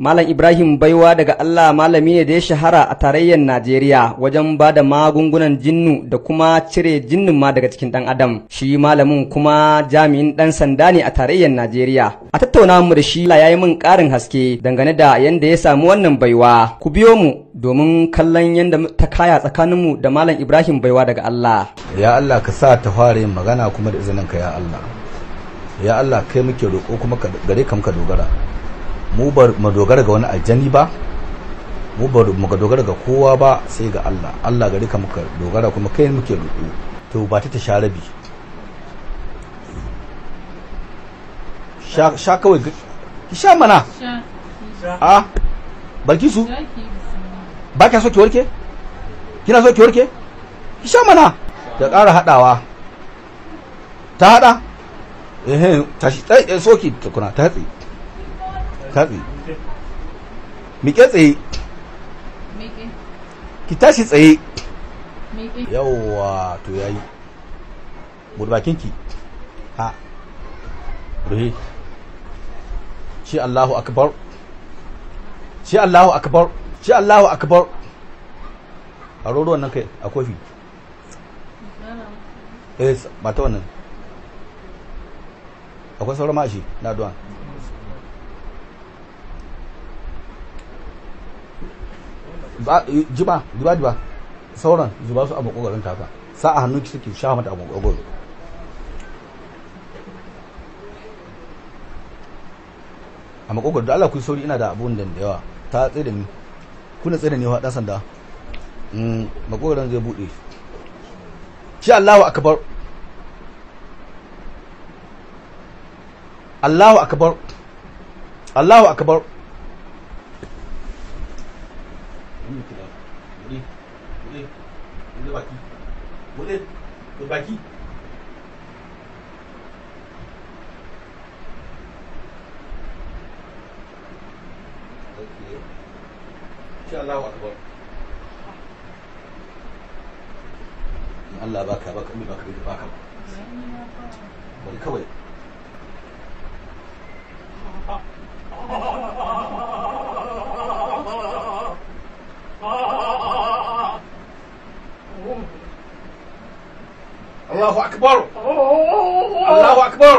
Malam Ibrahim Baiwa daga Allah malami ne da ya shahara a tarayyar Najeriya wajen ba da magungunan jinnu da kuma cire jinnin ma daga cikin ɗan adam. Shi malamin kuma jami'in ɗan sanda ne a tarayyar Najeriya. A tattauna mu da shi ya yi min ƙarin haske dangane da yadda ya samu wannan baiwa. Ku biyo mu domin kallon yadda ta kaya tsakaninmu da Malam Ibrahim Baiwa daga Allah. Ya Allah ka sa ta fara magana kuma da izinin ka ya Allah. Ya Allah kai muke roƙo kuma gare ka dogara. mu ba mu dogara ga wani aljani ba mu ba mu dogara ga kowa ba sai ga Allah Allah gari ka muka dogara kuma kai muke roƙo to ba ta ta sharabi sha sha kawai ki sha mana a ah, barki su ba ka so ki warke kina so ki warke ki sha mana ta ƙara haɗawa ta haɗa ehe ta shi tsaye eh, soki tukuna ta hatsi katsi miƙe tsaye ki tashi tsaye yauwa to yayi burbakin ki ha ruhe ci Allahu akbar ci Allahu akbar ci Allahu akbar a roro wannan kai a kofi eh ba ta wannan akwai sauran ma shi na duwan jiba jiba jiba sauran zuba su a makogarin taka sa a hannun ki suke sha mata a makogaro a makogaro da Allah ku sauri ina da abun da yawa ta tsaye da ni kuna tsaye da ni wa sanda mm makogaron zai bude shi Allahu akbar Allahu akbar Allahu akbar in Allah baka baka in baka bai baka bari kawai الله أكبر الله أكبر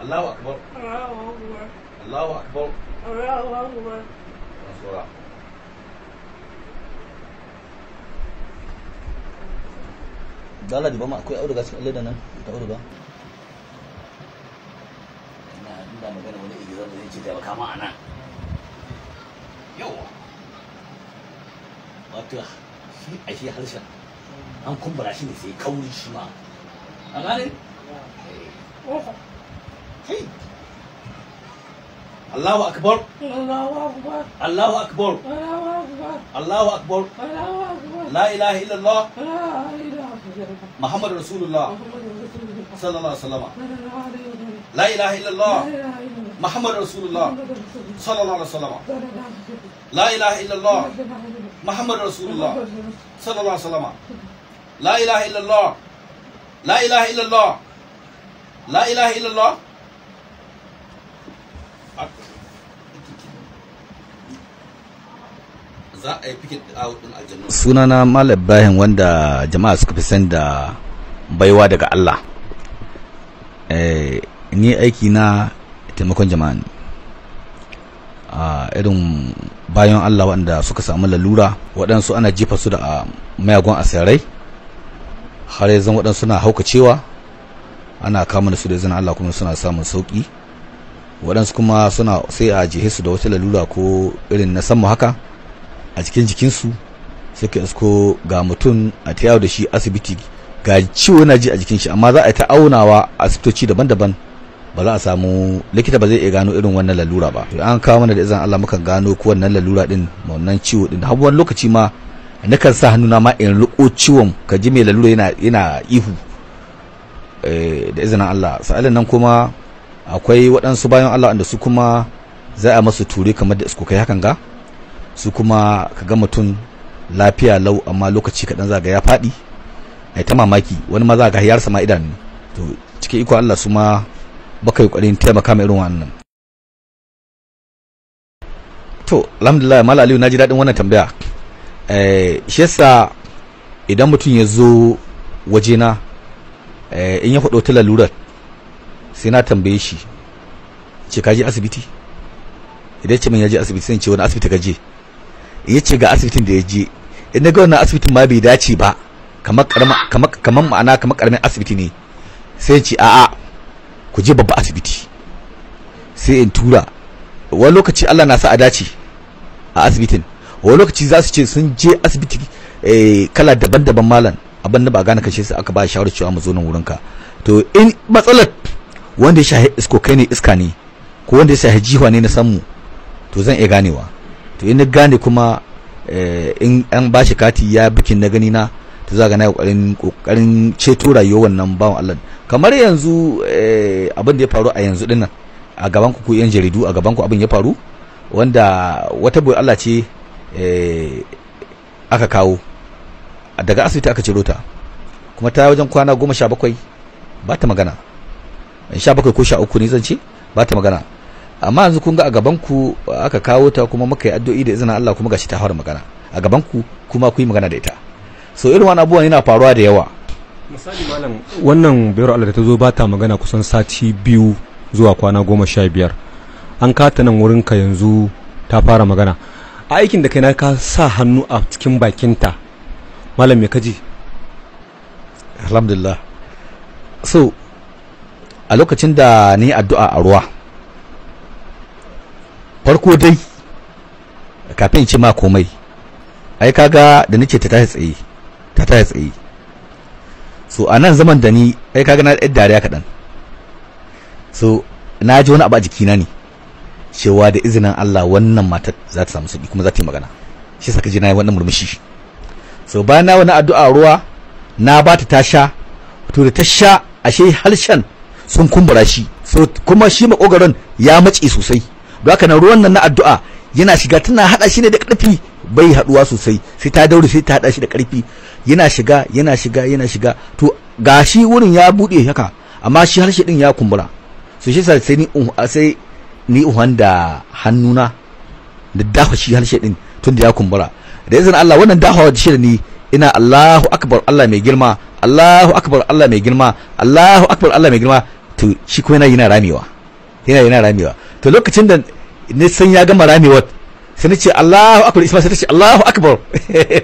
Allahu akbar Allahu akbar Allahu akbar Nasura Dala duba ma akwai auduga cikin Allah da nan ta auduga ina wani ya a nan yawa wato shi a shi harshen an kumbura shi ne sai kauri shi ma a gane? Eh. الله أكبر الله أكبر الله أكبر الله أكبر لا إله إلا الله محمد رسول الله صلى الله عليه وسلم لا إله إلا الله محمد رسول الله صلى الله عليه وسلم لا إله إلا الله محمد رسول الله صلى الله عليه وسلم لا إله إلا الله لا إله إلا الله لا إله إلا الله sunana malam ibrahim wanda jama'a suka fi san da baiwa daga Allah eh, ni aiki na taimakon jama'a ne a irin bayan Allah waɗanda suka samu lalura waɗansu ana jifa su da mayagon asirai har yanzu waɗansu na haukacewa ana kama su da izinin Allah kuma suna samun sauƙi waɗansu kuma suna sai a jihe su da wata lalura ko irin na sama haka a cikin jikinsu sai ka isko ga mutum a ta da shi asibiti ga ciwo na ji a jikin shi amma za a ta aunawa asibitoci daban-daban ba za a samu likita ba zai iya gano irin wannan lalura ba to an kawo mana da izan Allah muka gano ko wannan lalura din wannan ciwo din har wani lokaci ma nakan sa hannuna ma in riko ciwon ka ji mai lalura yana yana ihu eh, da izinin Allah sa'alin nan kuma akwai waɗansu bayan Allah da su kuma za a masu ture kamar da kai hakan ga su kuma ka ga mutum lafiya lau amma lokaci kaɗan za ga ya faɗi ai ta mamaki wani ma za ga ya sama idan to cikin iko Allah su ma baka yi ƙoƙarin taimaka ma irin wannan to alhamdulillah mala aliyu naji daɗin wannan tambaya eh shi yasa idan mutum ya zo wajena eh, in ya faɗo ta lalurar sai na tambaye shi ce ka je asibiti idan ce min ya je asibiti sai ce wani asibiti ka je ya ce ga asibitin da ya je in na ga wannan asibitin ma bai dace ba kamar kamar ma'ana kamar karamin asibiti ne sai ce a'a ku je babba asibiti sai in tura wani lokaci Allah na sa a dace a asibitin wani lokaci za su ce sun je asibiti eh, kala daban-daban malam abin da ba gane kashe su aka ba shawarar cewa mu zo nan wurinka to in matsalar wanda ya shahi kai ne iska ne ko wanda ya shahi jiwa ne na samu to zan iya ganewa to in gane kuma eh, in an ba shi kati ya bikin na gani na to za ga na kokarin kokarin ceto rayuwar wannan bawan Allah kamar yanzu eh, abin da ya faru a yanzu dinnan a gaban ku ko yan jaridu a gaban ku abin ya faru wanda wata boye Allah ce eh, aka kawo daga asibiti aka ciro ta kuma ta wajen kwana goma sha bakwai ba ta magana sha bakwai ko sha uku ne zan ce ba ta magana amma yanzu kun ga a gaban ku aka kawo ta kuma muka yi addu'o'i da izinin Allah kuma gashi ta fara magana a gaban ku kuma ku yi magana da ita so irin wani abubuwan yana faruwa da yawa misali malam wannan bayar Allah da ta zo ba ta magana kusan sati biyu zuwa kwana goma sha biyar an kata nan wurin ka yanzu ta fara magana a aikin da kai na ka sa hannu a cikin bakinta malam me kaji alhamdulillah so a lokacin da ni addu'a a ruwa farko dai kafin ce ma komai ai kaga da nake ta tashi tsaye ta tashi tsaye so a nan zaman da ni ai kaga na yar dariya kaɗan so na ji wani abu a jikina ne cewa da izinin Allah wannan matar za ta samu sauki kuma za ta yi magana shi saka ji na yi wannan murmushi so bayan na wani addu'a ruwa na ba ta ta sha to da ta sha ashe harshen sun kumbura shi kuma shi makogaron ya mace sosai don haka nan ruwan nan na addu'a yana shiga tana hada shi ne da karfi bai haduwa sosai sai ta daure sai ta hada shi da karfi yana shiga yana shiga yana shiga to gashi wurin ya bude haka amma shi harshe din ya kumbura so shi sai ni sai ni uhan da hannuna da dafa shi harshe din tun da ya kumbura da izinin Allah wannan dafa shi da ni ina Allahu akbar Allah mai girma Allahu akbar Allah mai girma Allahu akbar Allah mai girma to shi ko yana yana ramewa yana yana ramewa to lokacin da ne san ya gama ramewar sai na ce Allahu akbar Isma sai ta ce Allahu akbar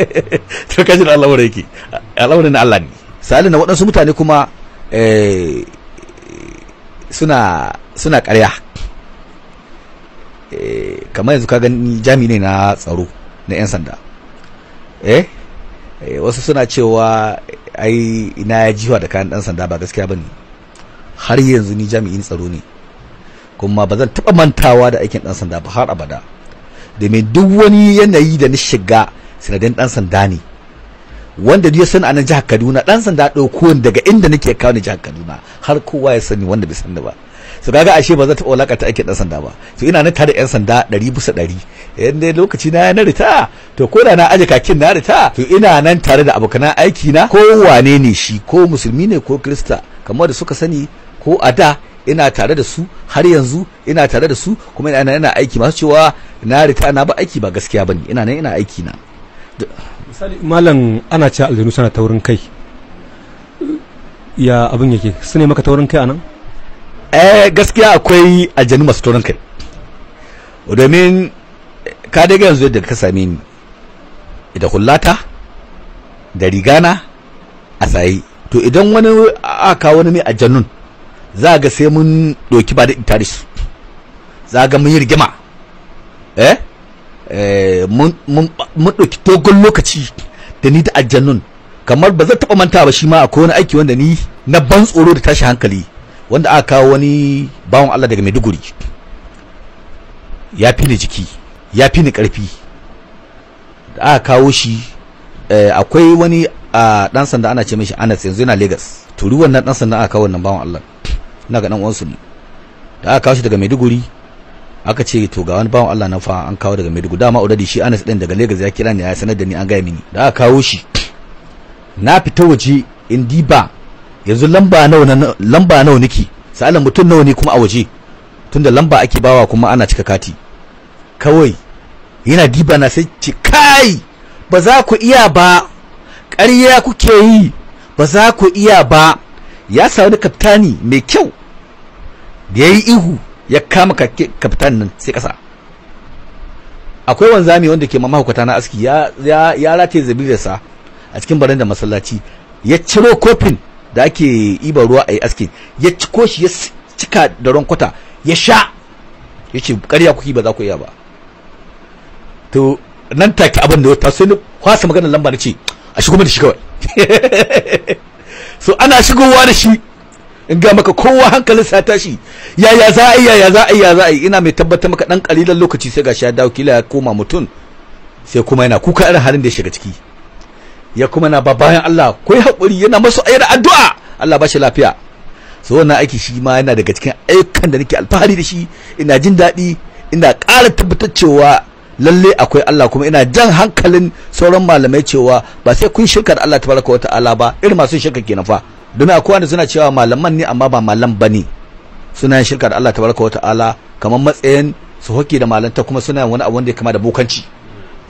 to kaji da Allah wanda yake al'amarin na Allah ne salin na waɗansu mutane kuma eh, suna suna ƙarya eh, kamar yanzu ka gani jami ne na tsaro na 'yan sanda eh, eh wasu suna cewa ai ina ya jiwa da kayan ɗan sanda ba gaskiya ba har yanzu ni jami'in tsaro ne kuma ba zan taɓa mantawa da aikin ɗan sanda ba har abada domin duk wani yanayi da na shiga sanadin ɗan sanda ne wanda ya san a nan jihar kaduna ɗan sanda ɗauko daga inda nake kawo ni jihar kaduna har kowa ya sani wanda bai san ba su kaga ashe ba zan taɓa wulakanta aikin ɗan sanda ba to ina nan tare da 'yan sanda ɗari bisa ɗari yadda lokaci na na rita to ko da na aje kakin na rita to ina nan tare da abokan aiki na ko wane ne shi ko musulmi ne ko kirista kamar da suka sani ko a da ina tare da su har yanzu ina tare da su kuma ina ina aiki masu cewa na rita na ba aiki ba gaskiya bane ina nan ina aiki na misali malam ana cewa aljanu sana taurin kai ya abin yake su ne maka taurin kai anan eh gaskiya akwai aljanu masu taurin kai domin ka daga yanzu yadda ka same ni da hullata da rigana a tsaye to idan wani aka wani mai aljannun za ga sai mun doki ba da tarihi za ga mun yi rigima eh, eh mun ɗauki dogon lokaci da ni da aljannun kamar ba zai taɓa manta ba shi ma akwai wani aiki wanda ni na ban tsoro da tashi hankali wanda aka kawo wani bawan Allah daga Maiduguri ya fi ni jiki ya fi ni ƙarfi da aka kawo shi eh, akwai wani a ah, ɗan sanda ana ce mishi Anas yanzu yana Lagos to ruwan nan ɗan sanda aka kawo wannan bawan Allah ina ga dan uwansu ne da aka kawo shi daga Maiduguri aka ce to ga wani bawan Allah na fa an kawo daga Maiduguri dama already shi Anas din daga Lagos ya kira ni ya sanar da ni an gaya mini da aka kawo shi na fita waje in diba yanzu lamba nawa na lamba nawa nake salan mutum nawa ne kuma a waje tunda lamba ake bawa kuma ana cika kati kawai yana diba na sai ce kai ba za ku iya ba ƙarya kuke yi ba za ku iya ba ya samu kaftani mai kyau da yayi ihu ya kama kaptan nan sai kasa akwai wanzami wanda ke mamahukata na aski ya ya ya rataye zabirarsa a cikin da masallaci ya ciro kofin da ake iba ruwa a aski ya ciko shi ya cika da kwata ya sha yace ƙarya kuki ba za ku iya ba to nan take abin da ya taso ni kwasa maganar lamba na ce a shigo da shi kawai so ana shigowa da shi in ga maka kowa hankalin sa tashi yaya za a yi yaya za a yi ya za a yi ina mai tabbatar maka dan kalilan lokaci sai gashi ya dawo kila ya koma mutum sai kuma yana kuka irin halin da ya shiga ciki ya kuma na ba bayan Allah ko ya hakuri yana masu ayyar addu'a Allah ba shi lafiya so wannan aiki shi ma yana daga cikin ayyukan da nake alfahari da shi ina jin daɗi ina ƙara tabbatar cewa lalle akwai Allah kuma ina jan hankalin sauran malamai cewa ba sai kun shirka da Allah tabaraka ta'ala ba irin masu shirka kenan fa domin akwai wanda suna cewa malaman ne amma ba malam bane suna yin shirka da Allah tabaraka wa ta'ala kamar matsayin su hoki da malanta kuma suna wani abu wanda ya kama da bokanci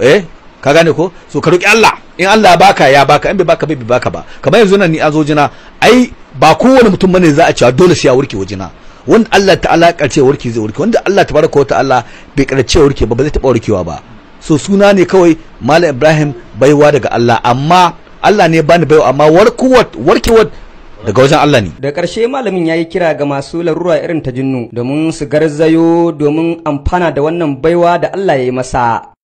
eh ka gane ko so ka roki Allah in Allah baka ya baka in bai baka bai baka ba kamar yanzu nan ni an zo jina ai ba kowane mutum bane za a cewa dole sai ya warke wajina wanda Allah ta'ala ya karce warke zai warke wanda Allah tabaraka wa ta'ala bai karce warke ba ba zai taba warkewa ba so suna ne kawai malam Ibrahim baiwa daga Allah amma Allah ne bani baiwa amma warkuwar warkewar daga wajen Allah ne. Da ƙarshe malamin ya yi kira ga masu larura irin ta jinnu domin su garzayo domin amfana da wannan baiwa da Allah ya yi masa.